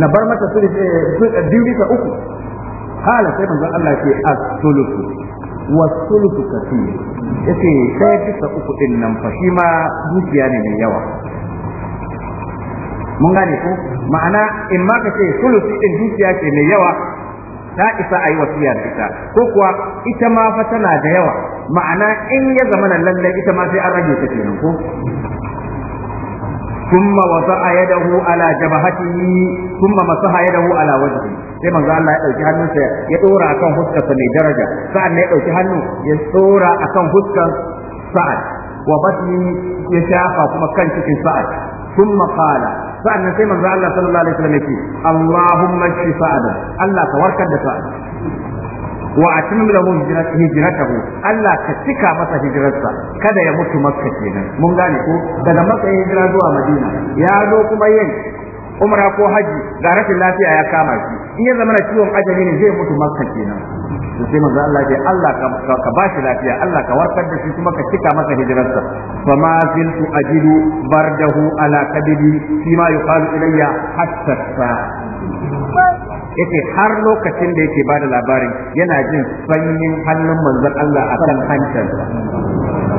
na bar mata su eh, eh, biyu bisa uku kala sai manzon Allah sulutu wa sulutu was-sulusu kathir yace sai bisa uku din nan fa shi ma dukiya ne mai yawa mun gane ko ma'ana in ma ka ce sulutu din dukiya ce mai yawa ta isa a yi wasiya da ita ko kuwa ita ma fa tana da yawa ma'ana in ya zama nan lallai ita ma sai an rage ta kenan ko ثم وضع يده على جبهته ثم مسح يده على وجهه sai manzo Allah ya dauki hannunsa ya dora akan huskarsa mai daraja sa'an ne ya dauki hannu ya dora akan huskar sa'ad wa batni ya shafa kuma kan cikin sa'ad thumma qala sa'an sai manzo Allah sallallahu alaihi wasallam yake Allahumma shfi sa'ad Allah ka warkar da sa'ad wa hijira ta hijratahu Allah ka cika masa hijirarsa kada ya mutu maka kenan mun gane ko daga makka hijira zuwa madina ya zo kuma yin umra ko haji ga rashin lafiya ya kama shi in ya zama na ciwon ajali ne zai mutu maka kenan to sai manzo Allah ya Allah ka ba shi lafiya Allah ka warkar da shi kuma ka cika masa hijirarsa fa ma ziltu ajidu bardahu ala kabidi fima yuqalu ilayya hatta sa'a yake har lokacin da yake bada labarin yana jin sanyin hannun manzon Allah a kan hancinsa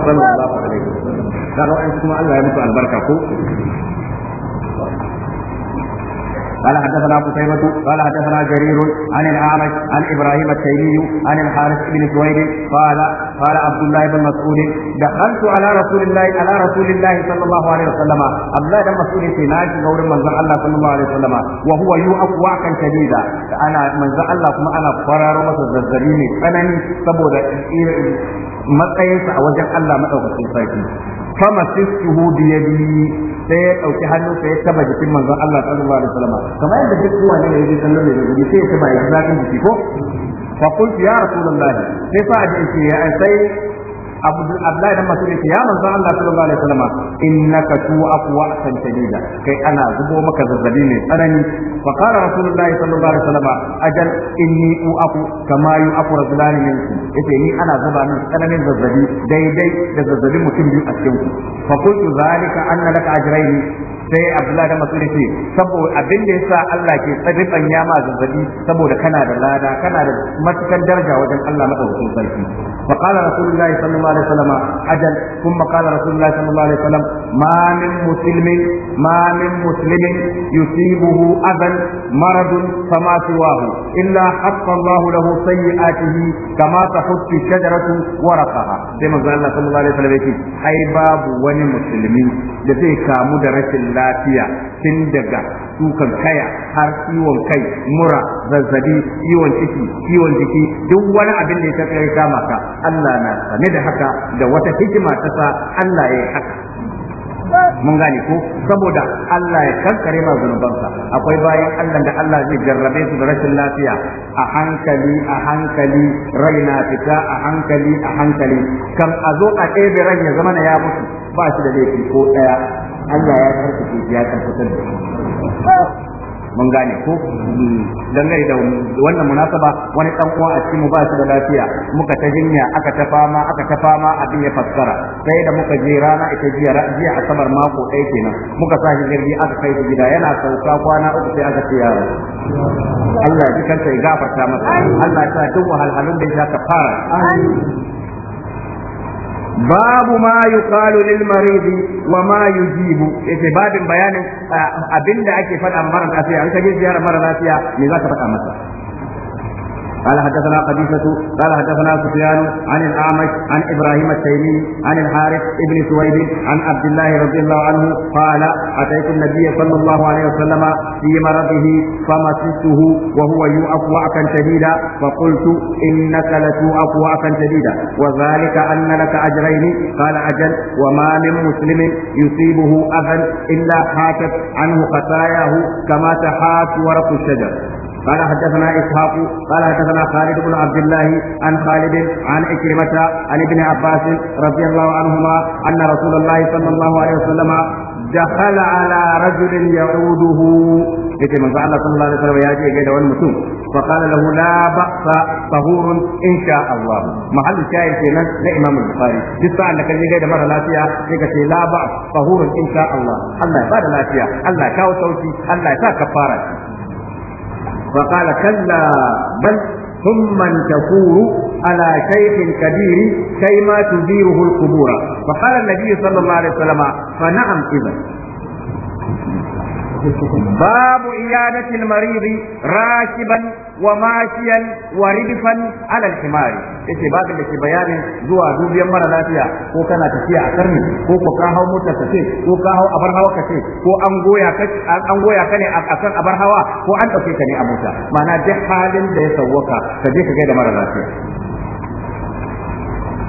sallallahu alaihi wasallam kuma Allah ya mutu albarka ko قال حدثنا قتيبة قال حدثنا جرير عن الأعرج عن إبراهيم التيمي عن الحارث بن سويد قال قال عبد الله بن مسعود دخلت على رسول الله على رسول الله صلى الله عليه وسلم عبد الله بن مسعود في ناجي غور من الله صلى الله عليه وسلم وهو يوقف واقا شديدا أنا من الله كما أنا فرار مسزلين أنا سبودا matsayinsa a wajen Allah maɗaukakin sarki famasistuhu bi yadi sai ya dauki hannu sai ya taba jikin manzon Allah sallallahu alaihi wasallam kamar yadda duk wani ne yake sallar alaihi wasallam sai ya taba jikin jiki ko fa qultu ya rasulullahi sai fa ajin ya sai abdullahi da mas'ud ya manzo Allah sallallahu alaihi wasallam innaka tu'afu wa'san shadida kai ana zubo maka zazzabi mai tsanani fa qala rasulullahi sallallahu alaihi wasallam ajal inni u'afu kama yu'afu rajulani minkum yace ni ana zuba min tsananin zazzabi daidai da zazzabin mutum biyu a cikin ku fa qultu zalika anna laka ajrayni sai abdullahi da masu ce saboda abin da yasa Allah ke tsarifan ya ma zazzabi saboda kana da lada kana da matukan daraja wajen Allah madaukakin sarki fa qala rasulullahi sallallahu alaihi wasallam ajal kuma qala rasulullahi sallallahu alaihi wasallam ma min muslimin ma min muslimin yusibuhu adan maradun fama siwahu illa hatta Allah lahu sayyi'atihi kama tahuttu shajaratu waraqaha sai manzo Allah sallallahu alaihi wasallam yake ai babu wani musulmi da zai kamu da rashin lafiya tun daga dukan kaya har ciwon kai mura zazzabi ciwon ciki ciwon jiki duk wani abin da ya kai kama ka Allah na sane da haka da wata hikima ta sa Allah ya yi haka mun gane ko saboda Allah ya kankare ma zunubansa akwai bayan Allah da Allah zai jarrabe su da rashin lafiya a hankali a hankali raina fita a hankali a hankali kam a zo a ɗebe ran ya zama na ya mutu ba shi da laifi ko ɗaya Allah ya karkace ya karkatar da shi mun gane ko dangane da wannan munasaba wani dan uwa a cikin mu ba shi da lafiya muka ta jinya aka ta fama aka ta fama abin ya fassara sai da muka je rana ita jiya jiya asabar mako ɗaya kenan muka sa shi jirgi aka kai gida yana sauka kwana uku sai aka ce yaro Allah ya kanta ya gafarta masa Allah ya sa duk wahalhalun da ya ta fara babu mayu yuqalu lil maridi wa mayu jibu yace babin bayanin ah, abinda ake faɗa mara lafiya an kaje ziyara mara lafiya me zaka faɗa masa قال حدثنا قديسة قال حدثنا سفيان عن الأعمش عن إبراهيم التيمي عن الحارث بن سويد عن عبد الله رضي الله عنه قال أتيت النبي صلى الله عليه وسلم في مرضه فمسسته وهو يوأف وعكا شديدا فقلت إنك لتوأف وعكا شديدا وذلك أن لك أجرين قال أجل وما من مسلم يصيبه أذى إلا حاكت عنه خطاياه كما تحاك ورق الشجر قال حدثنا إسحاق قال حدثنا خالد بن عبد الله عن خالد عن إكرمة عن ابن عباس رضي الله عنهما أن رسول الله صلى الله عليه وسلم دخل على رجل يعوده yake manzo Allah sallallahu alaihi wasallam ya je ga wani mutum fa qala lahu la ba'sa tahurun insha Allah mahallu shayi kenan na Imam Bukhari duk sa'an da kan je da mara lafiya sai ka ce la ba'sa tahurun Allah Allah ya bada lafiya Allah ya Allah ya sa kafara فقال كلا بل ثم تكون على شيخ كبير كيما تديره القبور فقال النبي صلى الله عليه وسلم فنعم إذا باب إيادة المريض راكبا وماشيا وردفا على الحمار yace babin da ke bayanin zuwa dubiyar mara lafiya ko kana tafiya a karni ko ko ka hau ka ce ko ka hau abar hawa ka ce ko an goya ka an goya ka ne akan abar hawa ko an ɗauke ka ne a mota Mana duk halin da ya sawwaka ka je ka gai da mara lafiya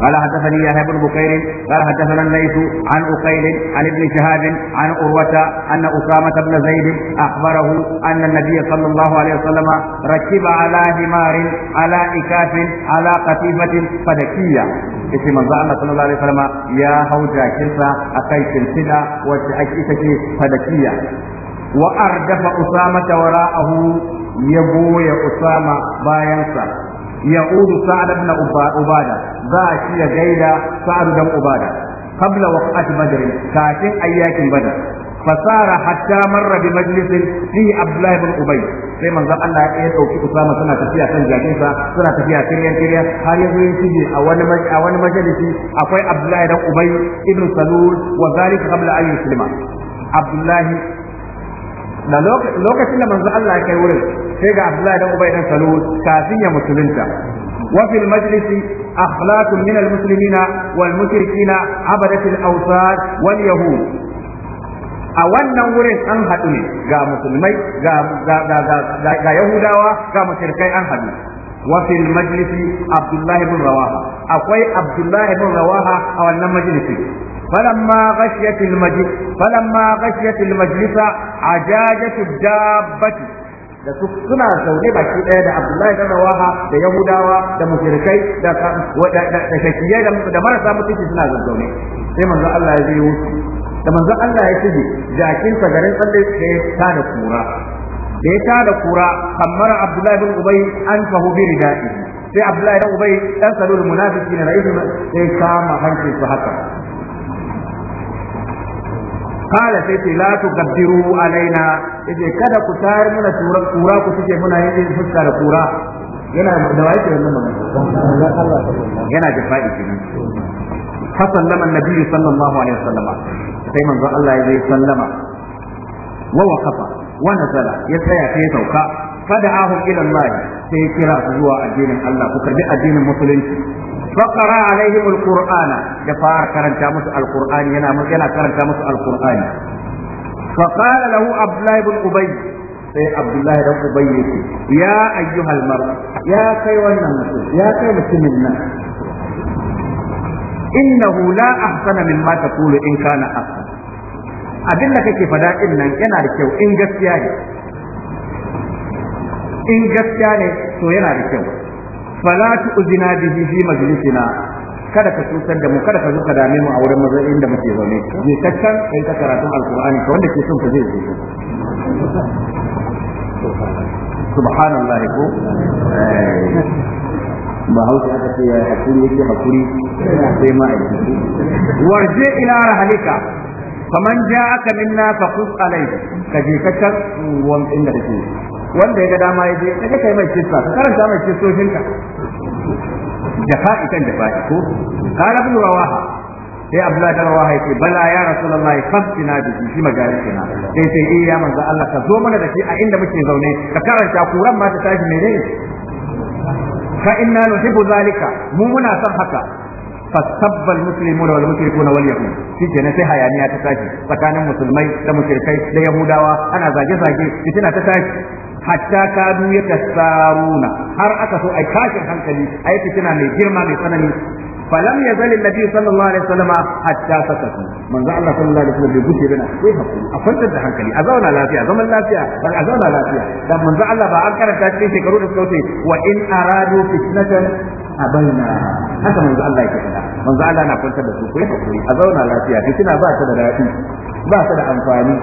قال حدثني يحيى بن بكير قال حدثنا الليث عن أقيل عن ابن شهاب عن أروة أن أسامة بن زيد أخبره أن النبي صلى الله عليه وسلم ركب على حمار على إكاف على قتيبة فدكية إيش من ظن صلى الله عليه وسلم يا هوجا كنسا أكي كنسنا وشعكيتك فدكية وأردف أسامة وراءه يبوي أسامة باينسا يقول سعد بن عبادة za a ya gaida sa’ar dan ubada qabla waqt badr kafin ayyakin badr fasara hatta marra bi majlisin fi abdullah bin ubay sai manzo Allah ya dauki usama suna tafiya kan jakinsa suna tafiya kiryan kiryan har yanzu ya shi a wani a wani majalisi akwai abdullah dan ubay ibn salul wa zalika qabla an yuslima abdullah da lokacin da manzo Allah ya kai wurin sai ga Abdullahi dan Ubay dan Salul kafin ya musulunta وفي المجلس أخلاق من المسلمين والمشركين عبدة الأوثان واليهود a wannan wurin an haɗu ne ga musulmai ga yahudawa ga mashirkai an haɗu wafin majalisi abdullahi bin rawaha akwai abdullahi bin rawaha a wannan majalisi فلما ma المجلس فلما a المجلس عجاجة الدابة da su suna zaune baki ɗaya da Abdullahi da Rawaha da Yahudawa da mushrikai da da shakiyai da marasa mutunci suna zaune sai manzo Allah ya zai wuce da manzo Allah ya ci jakin sa garin tsalle sai ta da kura da ya ta da kura kamar Abdullahi bin Ubay an fahu bi ridai sai Abdullahi bin Ubay dan salul munafiki na ra'isul sai kama hancin su haka kala sai ce la tuqaddiru alaina yace kada ku tayar mana tura kura ku suke muna yin fuska da kura yana da wai ke wannan yana da fa'i kenan fa sallama annabi sallallahu alaihi wasallama sai manzo Allah ya sallama wa waqafa wa nazala ya tsaya sai sauka fada'ahum ila Allah sai ya kira zuwa addinin Allah ku karbi addinin musulunci فقرا عليهم القران دفار كرنتا karanta musu ينا مس yana karanta musu القران فقال له عبد الله بن ابي sai Abdullahi dan Ubay yake ya ayyuhal mar ya kai wannan mutum ya kai mutumin nan innahu la ahsana mimma taqulu in kana ahsan abin da kake fada din nan yana da kyau in gaskiya ne in gaskiya ne to yana da kyau fala tu'zina bihi fi majlisina kada ka cutar da mu kada ka zuka dame mu a wurin mazaunin da muke zaune je ka can kai ta karatun alqur'ani ka wanda ke son ka zai zo subhanallah ko eh, ba hausa aka ce ya hakuri yake hakuri sai ma a warje ila rahalika faman ja'aka minna faqus alayhi kaje ka can wanda kake wanda ya ga dama ya je ka kai mai kissa ka karanta mai kissoshin ka jafa'i kan jafa'i ko kana bin rawaha sai abdullahi da rawaha sai, bala ya rasulullahi fasina da shi majalisina sai sai eh ya manzo Allah ka zo mana da shi a inda muke zaune ka karanta kuran ma ta tashi ne fa inna nuhibu zalika mu muna son haka فسب المسلمون والمشركون واليهود shi na sai hayaniya ta tashi tsakanin musulmai da mushrikai da yahudawa ana zage-zage fitina ta tashi hatta kadu ya tasaruna har aka so ai kashin hankali ai fitina mai girma mai tsanani falam ya zalin nabi sallallahu alaihi wasallam hatta sakatu manzo Allah sallallahu alaihi wasallam bai gushe bana sai hakuri a kwantar da hankali a zauna lafiya zaman lafiya ba a zauna lafiya da manzo Allah ba an karanta cikin shekaru da suka wa in aradu fitnatan abaina haka manzo Allah yake faɗa manzo Allah na kwantar da su kai hakuri a zauna lafiya fitina ba ta da daɗi ba da amfani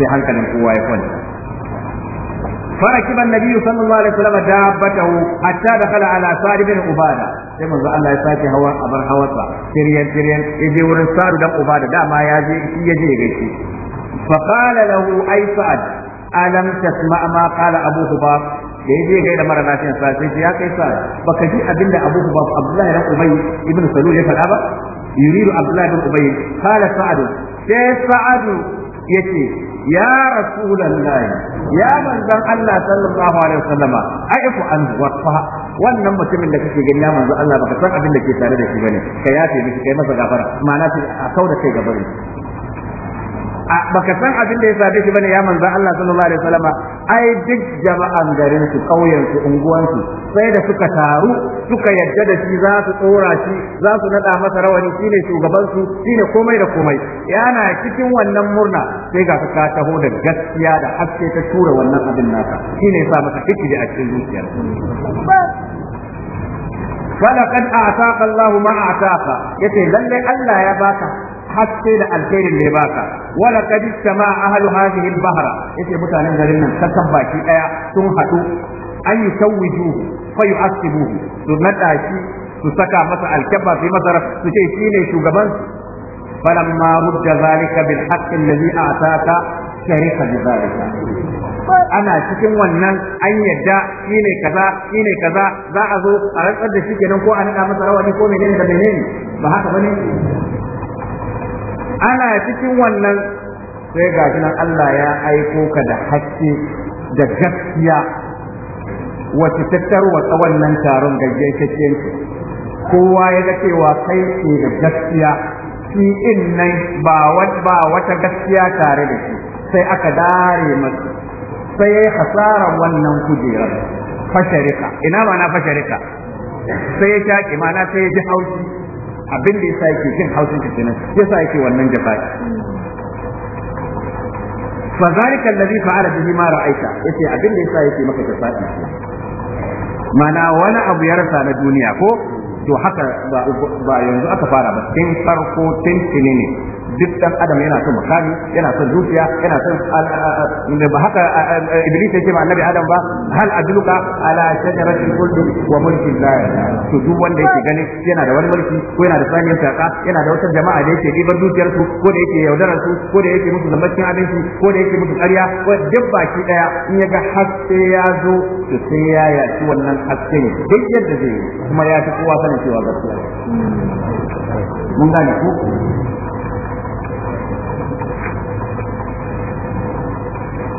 sai hankalin kowa ya فركب النبي صلى الله عليه وسلم دابته da دخل على سعد بن عبادة sai manzo Allah ya sake hawa abar hawarsa tiryan tiryan ya je wurin Sa'd dan Ubada dama ya je ya je gaishe fa qala lahu ay Sa'd alam tasma ma qala Abu Hubab da ya je da mara lafiyan sa sai ya kai sa baka ji abinda Abu Hubab Abdullah ibn Ubay ibn Salul ya faɗa ba yuridu Abdullah ibn Ubay qala Sa'd sai Sa'd yace ya rasulullahi ya manzon Allah sallallahu alaihi wasallama aifu an wafa wannan mutumin da kake gani ya manzo Allah baka san abin da ke tare da shi bane ka yafe miki kai masa gafara ma'ana a kauda kai gabarin baka san abin da ya sabe shi bane ya manzo Allah sallallahu alaihi wasallam ai duk jama'an garin su kauyen su unguwan su sai da suka taru suka yadda da shi za su tsora shi za su nada masa rawani shine shugaban su shine komai da komai yana cikin wannan murna sai ga ka taho da gaskiya da haske ta tura wannan abin naka shine sa maka hikiji a cikin zuciyar ولقد أعتاق الله ما أعتاق يتي لله ألا يباك haske da alkhairin da ya baka wala qad sama ahlu hadhihi al-bahra yace mutanen garin nan kasan baki daya sun hadu an yusawwiju fa yu'asibuhu su nada shi su saka masa alkaba fi masaraf su ce ne shugaban falamma rudda zalika bil haqqi alladhi ataka sharika bi zalika ana cikin wannan an yadda shi ne kaza shi ne kaza za a zo a rantsar da shi kenan ko a naɗa masa rawani ko menene da menene ba haka bane ana cikin wannan sai ga nan Allah ya aiko ka da haske da gaskiya wacce tattarwa tsawon wannan taron gaggaitaccen kowa ya ga cewa kai ke da gaskiya shi in nan ba ba wata gaskiya tare da shi sai aka dare masa sai yi hasaran wannan kujerar fasharika ina ma na fasharika sai ya shaƙi ma na sai ya ji haushi abin da yasa yake jin hausin ta kenan yasa yake wannan jafa'i fa zalika alladhi fa'ala bihi ma ra'aita yace abin da yasa yake maka jafa'i mana wani abu ya rasa na duniya ko to haka ba yanzu aka fara ba tun farko tun ne duk dan adam yana son makami yana son dukiya yana son ba haka iblis yake ma annabi adam ba hal adluka ala shajaratil khuld wa mulkin la to duk wanda yake ganin yana da wani mulki ko yana da saniyar taka yana da wata jama'a da yake ribar dukiyar su ko da yake yaudarar su ko da yake musu zambacin abinci ko da yake musu ƙarya ko duk baki daya in ya ga haske ya zo to sai ya yaci wannan haske ne duk yadda zai kuma ya fi kowa sanin cewa gaskiya mun gane ko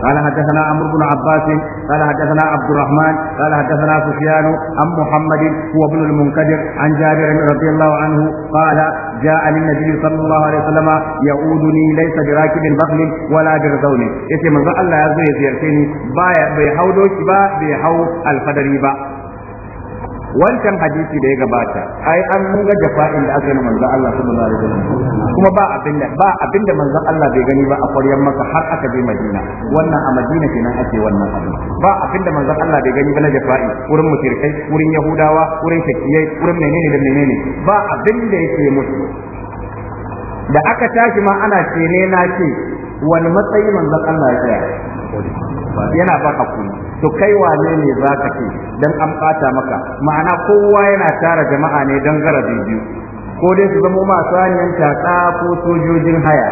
قال حدثنا عمرو بن عباس قال حدثنا عبد الرحمن قال حدثنا سفيان عن محمد هو ابن المنكدر عن جابر رضي الله عنه قال جاء للنبي صلى الله عليه وسلم يعودني ليس براكب بغل ولا برزون yace manzo Allah ya zo ya ziyarce ni baya bai hau doki ba bai hau alfadari ba wancan hadisi da ya gabata ai an ga jafa'in da aka yi manzo Allah sallallahu alaihi wasallam kuma ba abin da ba abin da Allah bai gani ba a ƙwaryar maka har aka je Madina wannan a Madina kenan ake wannan abu ba abin da Allah bai gani ba na jafa'i wurin mutirkai wurin Yahudawa wurin shakiyai wurin menene da menene ba abin da yake musu da aka tashi ma ana cene na ce wani matsayi manzo Allah ya tsaya yana baka kuma to kai wane ne zaka ce dan an bata maka ma'ana kowa yana tara jama'a ne dan garabi biyu ko dai su zama ma saniyan tatsa ko sojojin haya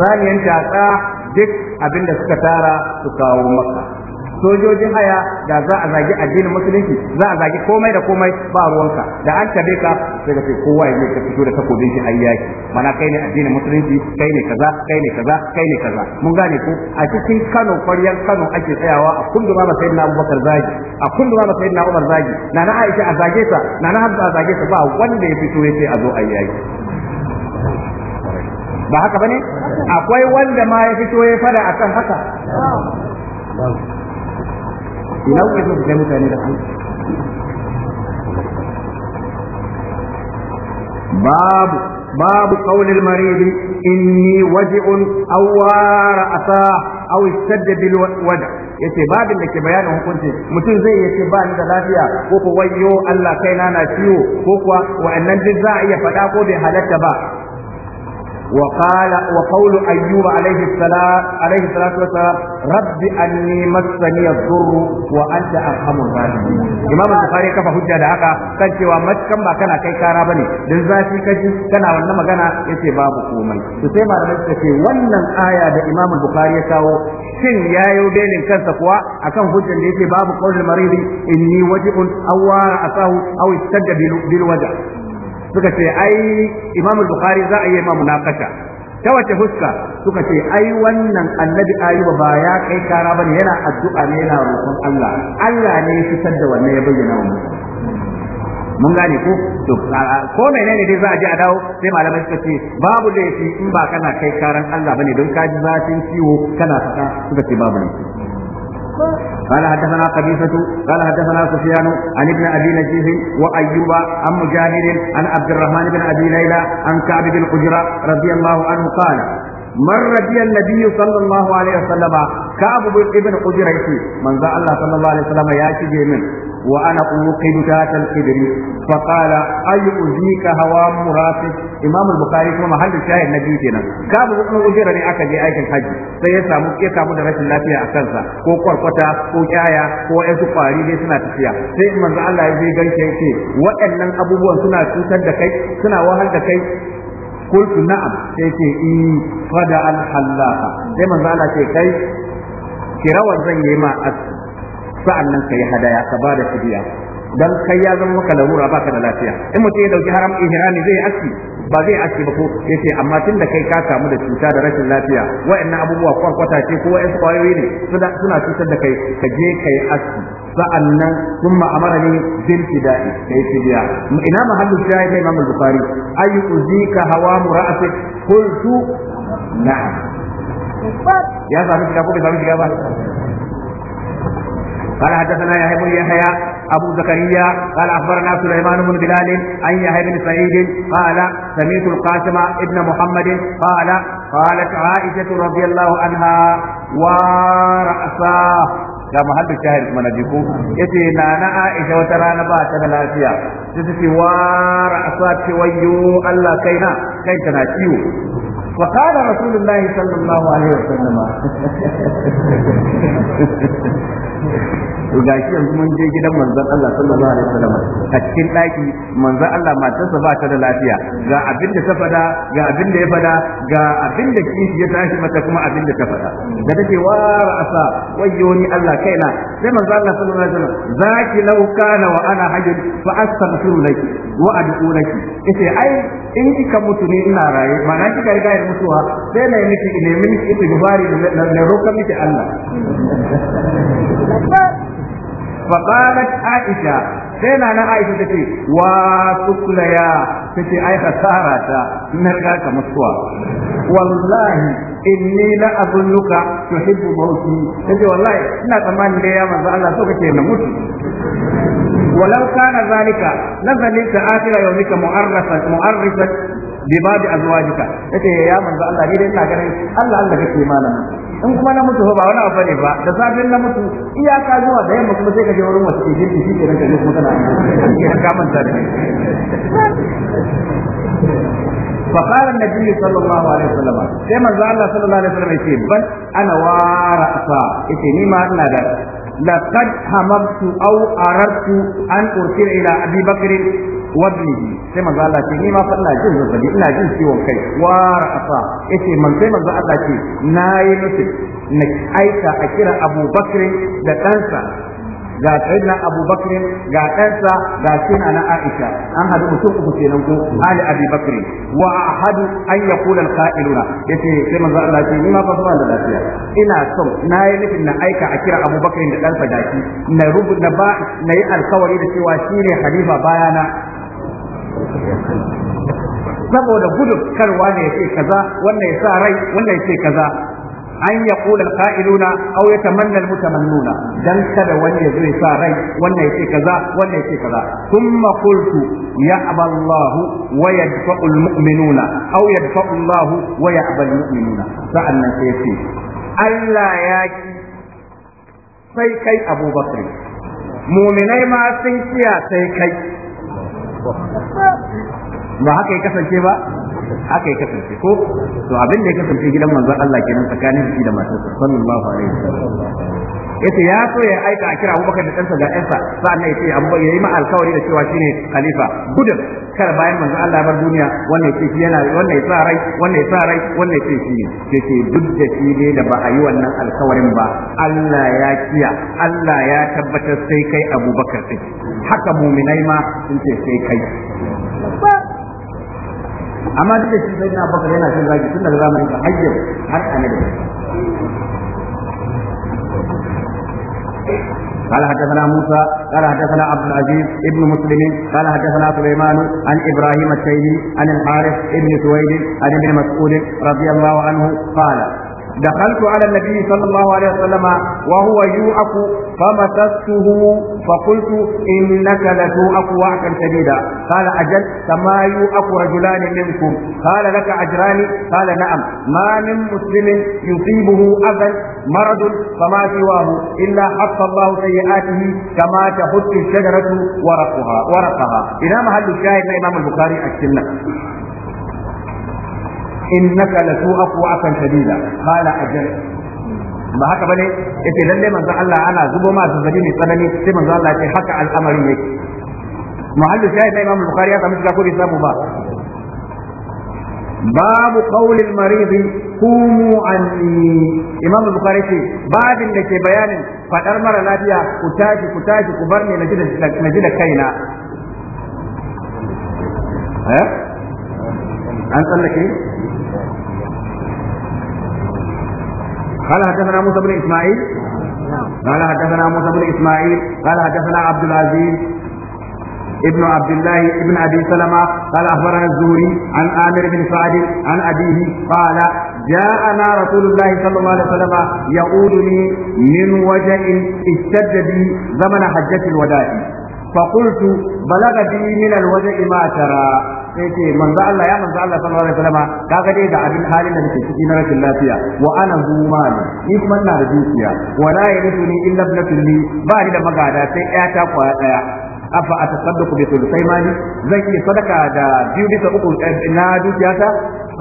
saniyan tatsa duk abin da suka tara su kawo maka sojojin haya da za a zagi addinin musulunci za a zagi komai da komai ba ruwanka da an tabe ka sai ka ce kowa ya ka fito da takobin shi ai yaki mana kai ne addinin musulunci kai ne kaza kai ne kaza kai ne kaza mun gane ko a cikin Kano kwaryan Kano ake tsayawa a kunduma ba sayyidina Abubakar zagi a kunduma ba sayyidina Umar zagi na na Aisha a zage sa na na Hafsa a zage sa ba wanda ya fito ya ce a zo ayyaki. ba haka bane akwai wanda ma ya fito ya fada akan haka ina kuke so ku kai mutane da su babu babu qaulil marid inni waji'un aw ra'asa aw ishtadda bil wada yace babin da ke bayanin hukunci mutum zai yace ba ni da lafiya ko ko wayyo Allah kaina na ciwo ko kuwa wa'annan duk za a iya faɗa ko bai halatta ba وقال وقول أيوب عليه السلام عليه الصلاة والسلام رب أني مسني الضر وأنت أرحم الراحمين إمام البخاري كفى حجة لهاك كان شوى مت كم ما كان كي كان بني لذاتي كجي كان ولا ما كان يسي باب قومي تسمى رمزك في ونن آية دا إمام البخاري كاو شن يا يودين إن كان سقوى أكم حجة ليسي باب قول المريض إني وجع أو أصاه أو استجى بالوجع suka ce ai Imam Bukhari za a yi ma munakasha ta wace fuska suka ce ai wannan annabi ayuba ba ya kai kara bane yana addu'a ne yana roƙon Allah Allah ne ya fitar da wannan ya bayyana wa mun gane ko to ko menene dai za a je a dawo sai malamai suka ce babu laifi in ba kana kai karan Allah bane don ka ji zafin ciwo kana fata suka ce babu laifi قال حدثنا قبيصة قال حدثنا سفيان عن ابن أبي نجيح وأيوب عن مجاهد عن عبد الرحمن بن أبي ليلى عن كعب بن حجرة رضي الله عنه قال مر بي النبي صلى الله عليه وسلم كعب بن ابن حجرة من ذا الله صلى الله عليه وسلم يأتي من وأنا أوقد ذات القدر فقال أي أزيك هوى مرافق إمام البخاري كما محل الشاهد نجيتنا كاب أن أجرني أكجي أيك الحج سيسا da rashin الله فيها kansa. ko kwarkwata ko kyaya ko su kwari dai suna tafiya sai manzo Allah ya je ganke yake waɗannan abubuwan suna cutar da kai suna wahal da kai kultu na'am sai ce in fada al sai manzo Allah ce kai kirawan zan yi ma sa'annan ka yi hadaya ka ba da fidiya dan kai ya zama maka larura ka da lafiya in mutum ya dauki haram ihrami zai aski ba zai aski ba ko ya ce amma tun da kai ka kamu da cuta da rashin lafiya wa'annan abubuwa kwarkwata ce ko wa'ansu kwayoyi ne suna cutar da kai ka je ka yi aski sa'annan sun ma'amara ne bil fida'i kai fidiya ina mahallu shahid yi Imam Bukhari ayu uzika hawa mura'atik na. ya sami shiga ko bai sami shiga ba قال حدثنا يحيى بن يحيى أبو زكريا قال أخبرنا سليمان بن بلال عن يحيى بن سعيد قال سمعت القاسم ابن محمد قال قالت عائشة رضي الله عنها ورأساه ga muhallin shahid mana jiko yace na na Aisha wata rana ba ta da lafiya sai take wa ra'sa ce wayyo Allah kaina kai tana ciwo fa qala rasulullahi sallallahu alaihi wasallam ga shi yanzu mun je gidan manzon Allah sallallahu alaihi wasallam a cikin daki manzon Allah matarsa ba ta da lafiya ga abin da ta fada ga abin da ya fada ga abin da kishi ya tashi mata kuma abin da ta fada da take wa ra'asa wayyo ni Allah kaina sai manzon Allah sallallahu alaihi wasallam zaki lau kana wa ana hajjin fa astaghfiru laki wa ad'u laki yace ai in kika mutu ne ina raye na kika riga ya mutuwa sai na yi miki ne miki istighfari da roƙa miki Allah فقالت aisha سينا na عائشة تتي وسكليا تتي أي خسارة نكاك مسوى والله inni la azunnuka tuhibbu mauti kace wallahi ina tsammanin da ya manzo Allah so kace na mutu walau kana zalika nazalin ta akira yawmika mu'arrafat a bi ba'd azwajika kace ya manzo Allah ni dai ina ganin Allah Allah kake malama in kuma na mutu ba wani abu ne ba da safin na mutu iyaka zuwa da yamma kuma sai ka je wurin wasu ke jirgin shi ke nan kuma kana yi ka manta da فقال النبي صلى الله عليه وسلم كما قال الله صلى الله عليه وسلم يقول بل انا ورأسا يقول ما انا لقد هممت او اردت ان ارسل الى ابي بكر وابنه كما قال الله تعالى ما فلا جنز بني إلا جنز يوم كي ورأسا إتي من كما قال الله تعالى ناي نسل نك أيكا أكيرا أبو بكر لتنسى ga sayyidina abubakar ga ɗansa ga kina na aisha an hadu mutum uku kenan ko ali abi bakri wa hadu an yaqula al qa'iluna yace sai manzo Allah ce ni ma ba ba da lafiya ina so na yi nufin na aika a kira abubakar da ɗansa daki na rubu na ba na yi alkawari da cewa shine halifa bayana saboda gudun karwa ne ya ce kaza wannan ya sa rai wannan ya ce kaza an ya kula ka'iluna aw tamanna mutamannuna dan kada wani ya zai sa rai wannan yace kaza wannan yace kaza thumma qultu ya aballahu wa yadfa'u almu'minuna aw yadfa'u allahu wa ya'ba almu'minuna sa'annan sai yace Allah ya ki sai kai Abubakar mu'minai ma sun kiya sai kai ba haka ya kasance ba haka ya kasance ko to abin da ya kasance gidan manzon Allah kenan tsakanin shi da masu sallallahu alaihi wasallam yace ya so ya aika a kira Abubakar da ɗansa ga ɗansa sa'annan yace ya yayi ma alkawari da cewa shine khalifa gudun kar bayan manzon Allah bar duniya wannan yace shi yana wannan yasa rai wannan yasa rai wannan yace shi ne yace duk da shi ne da ba a yi wannan alkawarin ba Allah ya kiya Allah ya tabbatar sai kai Abubakar sai haka muminai ma sun ce sai kai ba amma duk da shi sai na bakar yana cin zaki tunda daga zamanin ka hajji har annabi قال حدثنا موسى قال حدثنا عبد العزيز ابن مسلم قال حدثنا سليمان عن ابراهيم التيمي عن الحارث ابن سويد عن ابن مسعود رضي الله عنه قال دخلت على النبي صلى الله عليه وسلم وهو يوعك فمسسته فقلت إنك لتوعك وعكا شديدا قال أجل كما يوعك رجلان منكم قال لك أجران قال نعم ما من مسلم يصيبه أذى مرض فما سواه إلا حط الله سيئاته كما تحط الشجرة ورقها ورقها إلى محل الشاهد إمام البخاري السنة innaka lasu aku akan shadida qala ajal ba haka bane yace lalle manzo Allah ana zubo ma zubi ne tsanani sai manzo Allah ya ce haka al'amari yake muhallu sai da Imam Bukhari ya samu zakuri ba babu qaulil marid kumu anni Imam Bukhari ce babin da ke bayanin fadar mara lafiya ku tashi ku tashi ku bar ni na ji da kaina eh? an tsallake قال حدثنا موسى بن اسماعيل قال حدثنا موسى بن اسماعيل قال حدثنا عبد العزيز ابن عبد الله ابن ابي سلمه قال اخبرنا الزهري عن عامر بن سعد عن ابيه قال جاءنا رسول الله صلى الله عليه وسلم يقودني من وجع اشتد بي زمن حجه الوداع فقلت بلغ بي من الوجع ما ترى sai manzo Allah ya manzo Allah sallallahu alaihi wasallam kaga dai ga abin halin da nake ciki na rashin lafiya wa ana humani ni kuma ina da dukiya wa la yarithuni illa ibnatu li ba ni da magada sai ta kwaya daya afa atasaddaqu bi thulthai mali zan yi sadaka da biyu bisa uku na dukiyata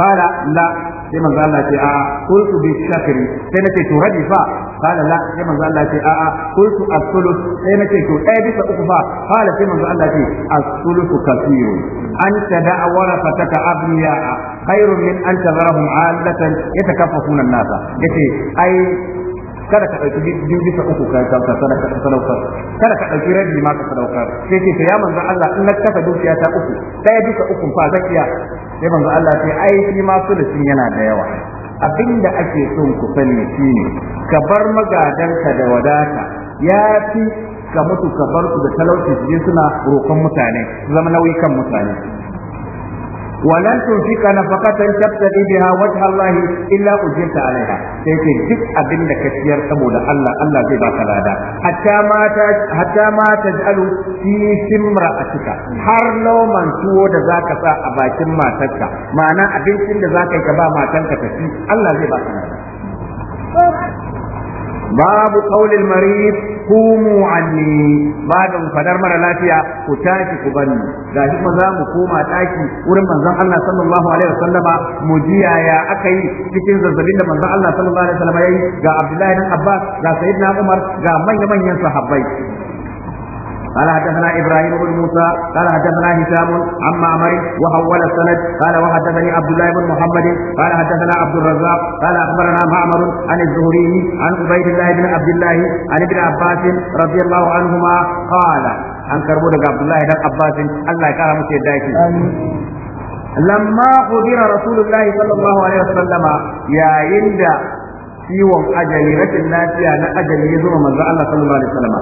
qala la sai manzo Allah ce a qultu bi shakri sai nake to rabi fa قال لا sai manzo Allah ce a'a qultu as-sulus sai nace to ɗaya bisa uku fa qala sai manzo Allah ce as-sulus kathir an tada'a warafataka abniya khairun min an tadarahum 'allatan yatakaffafuna an-nas ai kada ka ɗauki biyu bisa uku ka sauka, sadaukar kada ka ɗauki rabi ma ka sadaukar sai ce ya manzo Allah in na kasa dukiya ta uku ɗaya bisa uku fa zakiya sai manzo Allah ce ai shi ma sulusin yana da yawa abinda ake son ku sani shine ka bar magadanka da wadata ya fi ka mutu ka bar su da talauci su je suna roƙon mutane su zama nauyi kan mutane ولن تنفق نفقة تبتغي بها وجه الله إلا أجرت عليها سيكي دك أبن كثير سبود الله الله زي باك لادا حتى ما حتى ما تجعل في سمرأتك har lauman tuwo da za ka sa a bakin matarka ma'ana abincin da za ka yi ka ba matarka ta ci Allah zai baka lada babu qaulil marid kumu anni babin fadar mara lafiya ku tashi ku bani gashi kuma za mu koma daki wurin manzon Allah sallallahu alaihi wasallama mu ji yaya aka yi cikin zazzabin da manzon Allah sallallahu alaihi wasallama yayi ga Abdullahi dan Abbas ga Sayyidina Umar ga manya-manyan sahabbai قال حدثنا ابراهيم بن موسى قال حدثنا هشام عن معمر وحول السند قال وحدثني عبد الله بن محمد قال حدثنا عبد الرزاق قال اخبرنا معمر عن الزهري عن عبيد الله بن عبد الله عن ابن عباس رضي الله عنهما قال an karbo daga Abdullahi dan Abbas Allah ya kara musu yadda yake lamma qudira rasulullahi sallallahu alaihi wasallama yayin da ciwon ajali rashin lafiya na ajali ya zuma manzo Allah sallallahu alaihi wasallama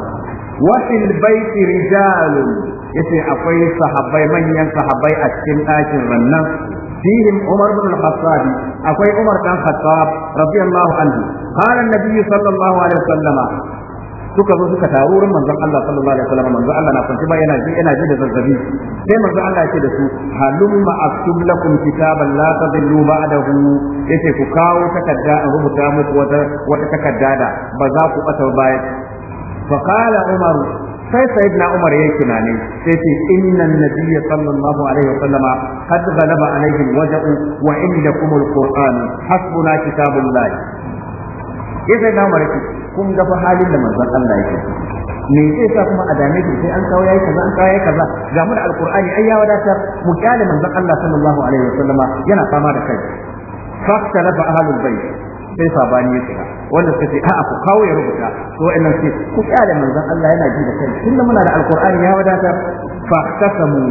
wa fil baiti rijalun yace akwai sahabbai manyan sahabbai a cikin ɗakin wannan فيهم عمر بن الخطاب أخوي عمر بن الخطاب رضي الله عنه قال النبي صلى الله عليه وسلم suka zo suka taru wurin manzon Allah sallallahu alaihi wasallam manzon Allah na kwanci ba yana ji yana ji da zazzabi sai manzon Allah yake da su halumma aktub lakum kitaban la tadillu ba'dahu yace ku kawo takarda a rubuta muku wata wata takarda da ba za ku bata baya فقال عمر sai sayyidina Umar yayin tunani sai ce innan nabiyya sallallahu alaihi wa sallama qad ghalaba alaihim waja'u wa indakum alquran hasbuna kitabullah sai na Umar yace kun ga fa halin da manzon Allah yake me zai sa kuma a dame ki sai an kawo yayi kaza an kawo yayi kaza ga mu da alqur'ani ai ya wadatar mu kyale manzon Allah sallallahu alaihi wa sallama yana fama da kai fa talafa ahlul bait sai sabani ya shiga wanda suka ce a'a ku kawo ya rubuta to wa'annan sai ku kyale manzon Allah yana ji da kai tun da muna da alqur'ani ya wadata fa tasamu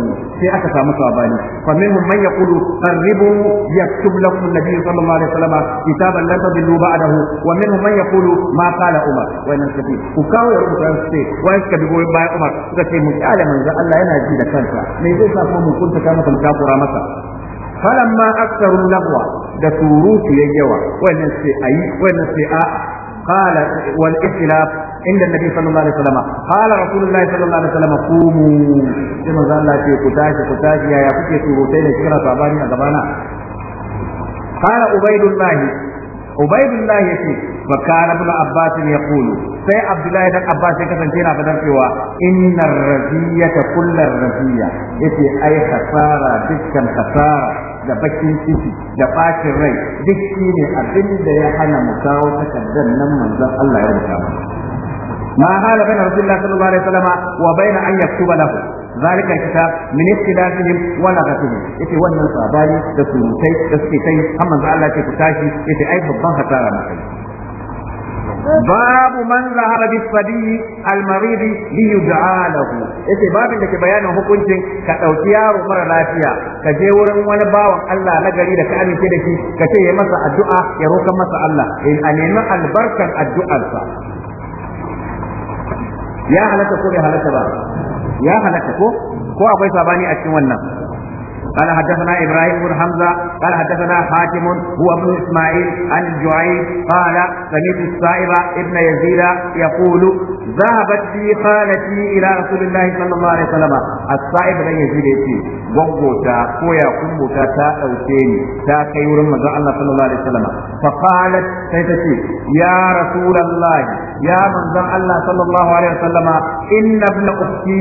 sai aka samu sabani fa minhum man yaqulu qarribu yaktub lakum nabiy sallallahu alaihi wasallam kitaban la tadillu ba'dahu wa minhum man yaqulu ma qala umar wa inna sabi ku kawo ya rubuta sai wa iska bi goyi baya umar suka ce mu kyale manzon Allah yana ji da kanta, me zai sa kuma mu ta kama kan kura masa falamma aktsaru lagwa da surutu yawa wannan sai ayi wannan sai a qala wal ikhtilaf inda nabi sallallahu alaihi wasallam qala rasulullahi sallallahu alaihi wasallam qumu sai manzo Allah ce ku tashi ku tashi yaya kuke surutai da kira sabani a gabana قال عبيد الله عبيد الله يقول فكان ابن عباس يقول سي عبد الله بن عباس كسنتينا بدر كوا ان الرزية كل الرزية يتي اي خسارة تلك خسارة da bakin ciki da bakin rai duk shi ne abin da ya hana mu kawo takardar nan manzon Allah ya rubuta mana hala حال بين رسول alaihi صلى الله wa وسلم وبين ان يكتب له ذلك الكتاب من اختلافهم ولغتهم yace wannan sabani da surutai da suke kai amma Allah ya ce ku tashi yace ai babban hasara mutum باب من ذهب بالصبي المريض ليدعى له yace babin da ke bayanin hukuncin ka ɗauki yaro mara lafiya ka je wurin wani bawan Allah na gari da ka amince da shi ka ce ya masa addu'a ya roƙa masa Allah a nemi albarkan addu'arsa ya ya halaka ko ko akwai sabani a cikin wannan قال حدثنا إبراهيم بن حمزة قال حدثنا حاتم هو ابن إسماعيل عن الجعيد قال سمعت السائب ابن يزيد يقول ذهبت بي خالتي إلى رسول الله صلى الله عليه وسلم السائب بن يزيد يقول gwagwota ko ya kumbuta ta ɗauke ni ta kai wurin manzon Allah sallallahu alaihi wasallam fa qalat sai ta ce ya rasulullahi ya manzon Allah sallallahu alaihi wasallama inna ibn ukhti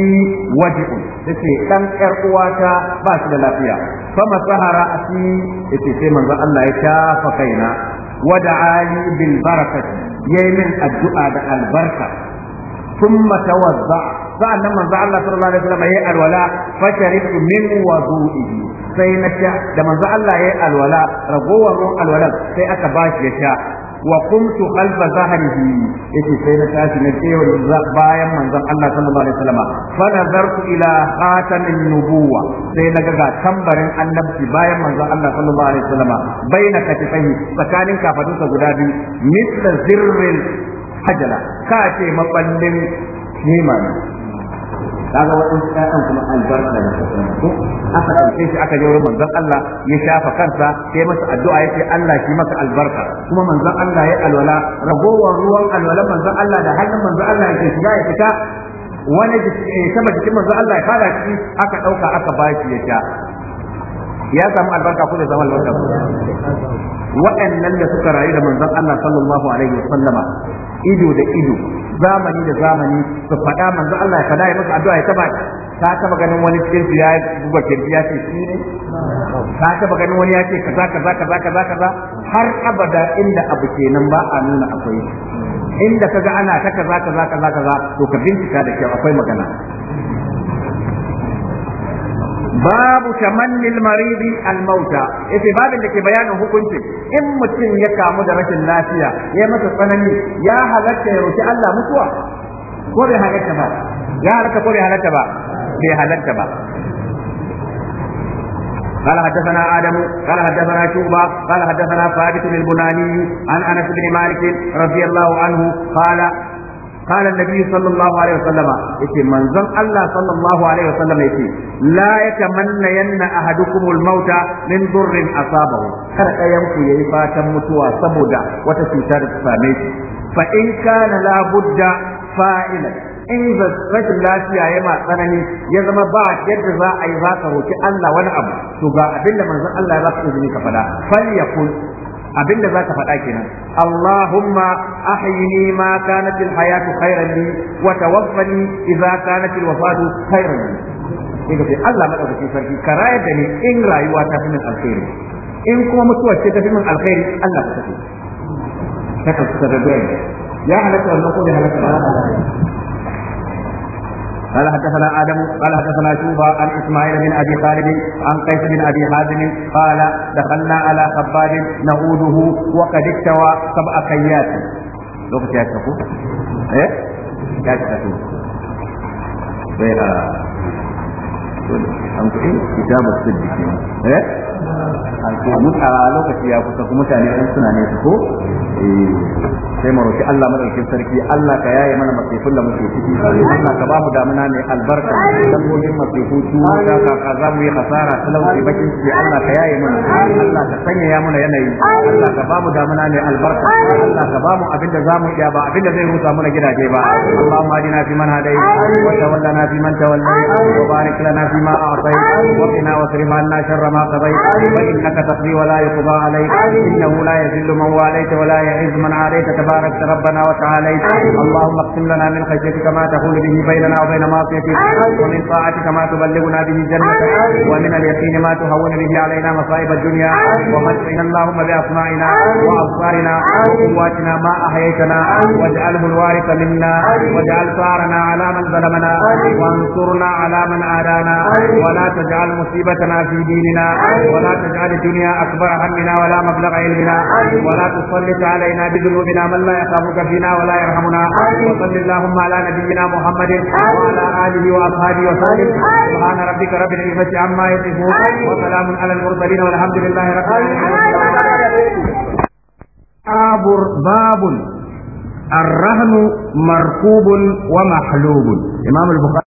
waj'un yace dan yar uwata basu da lafiya fama sahara asi yace sai manzon Allah ya tafa kaina wada'ali bil barakati yayi min addu'a da albarka thumma tawadda sa'annan manzo Allah sallallahu alaihi wasallam yayi alwala fa sharibtu min wudu'ihi sai na sha da manzo Allah yayi alwala ragowar ruwan alwalan sai aka bashi ya sha wa kuntu khalfa zahrihi yace sai na tashi na ce wa bayan manzon Allah sallallahu alaihi wasallam fa nazartu ila khatamin nubuwa sai na ga tambarin annabci bayan manzon Allah sallallahu alaihi wasallam baina katifai tsakanin kafadunsa guda biyu Mista zirril hajala ka ce maballin kimanin kaga waɗansu ƴaƴan kuma albarka da kasan ko aka ɗauke shi aka je wurin manzon Allah ya shafa kansa sai masa addu'a yace Allah shi maka albarka kuma manzon Allah ya alwala ragowar ruwan alwalan manzon Allah da hannun manzon Allah yake shiga ya fita wani eh, sama jikin manzon Allah ya fara ciki aka ɗauka aka bashi ya sha ya samu albarka ko da zama albarka waɗannan da suka rayu da manzon Allah sallallahu alaihi wa sallama ido da ido zamani da zamani su faɗa manzo Allah ya faɗa ya maka addu'a ya taba ka taba ganin wani cikin ya buga kirji ya ce shi ne ka taba ganin wani ya ce kaza kaza kaza kaza kaza har abada inda abu kenan ba a nuna akwai inda kaga ana ta kaza kaza kaza kaza to ka bincika da kyau akwai magana babu tamannil maridi almauta yace babin da ke bayanin hukunci in mutum ya kamu da rashin lafiya ya masa tsanani ya halatta ya roki Allah mutuwa ko bai halatta ba ya halatta ko bai halatta ba bai halatta ba قال حدثنا آدم قال حدثنا شعبة قال حدثنا ثابت البناني عن أنس بن مالك رضي الله عنه قال قال النبي صلى الله عليه وسلم يتي من زن الله صلى الله عليه وسلم يتي لا يتمنين أحدكم الموت من ضر أصابه كان يمكو يفاتا متوى سبدا وتسيطر الساميت فإن كان لابد فاعلا in rashin lafiya ya ma tsanani ya zama ba yadda za a yi za ka roki Allah wani abu to ga abin da manzon Allah ya ba ka izini ka fada fal yakul abinda zaka faɗa kenan Allahuma ahyini ma kanat alhayatu khairan li wa tawaffani idza kanat alwafatu khairan li sai Allah madaukaki sarki ka rayar da ni in rayuwa ta fi min alkhairi in kuma mutuwa ce ta fi min alkhairi Allah ka tafi ya halatta wannan ko ba قال حدثنا ادم قال حدثنا شوبه عن اسماعيل بن ابي خالد عن قيس بن ابي حازم قال دخلنا على خباب نعوده وقد اكتوى سبع كيات لغة يا شكو ايه يا شكو an kuɗi kitabar siddi ke eh a lokaci ya kusa kuma mutane suna ne su ko eh sai mu roki Allah madaukakin sarki Allah ka yaye mana masifin da muke ciki Allah ka ba mu damuna mai albarka dabbobin masifu cuta ka ka za mu yi hasara talauci bakin ciki Allah ka yaye mana Allah ka sanya ya mana yanayi Allah ka ba mu damuna mai albarka Allah ka ba mu abin da za mu iya ba abin da zai rusa mana gidaje ba Allahumma adina fi man hadai wa tawallana fi man tawallai wa barik lana fi ma a'tai wa qina wasrif anna sharra ma qadai fa innaka taqdi wa la yuqda alayka innahu la yadhillu man walayta wa la yu'izzu man alayta تباركت ربنا وتعاليت اللهم اقسم لنا من خشيتك ما تقول به بيننا وبين معصيتك ومن طاعتك ما تبلغنا به جنتك ومن اليقين ما تهون به علينا مصائب الدنيا ومتعنا اللهم بأسماعنا وأبصارنا وقواتنا ما أحييتنا واجعله الوارث منا واجعل ثارنا على من ظلمنا وانصرنا على من عادانا ولا تجعل مصيبتنا في ديننا ولا تجعل الدنيا أكبر همنا ولا مبلغ علمنا ولا تسلط علينا بذنوبنا من من لا يخافك فينا ولا يرحمنا وصل اللهم على نبينا محمد وعلى آله وأصحابه وسلم سبحان ربك رب العزة عما يصفون وسلام على المرسلين والحمد لله رب العالمين باب الرهن مركوب ومحلوب إمام البخاري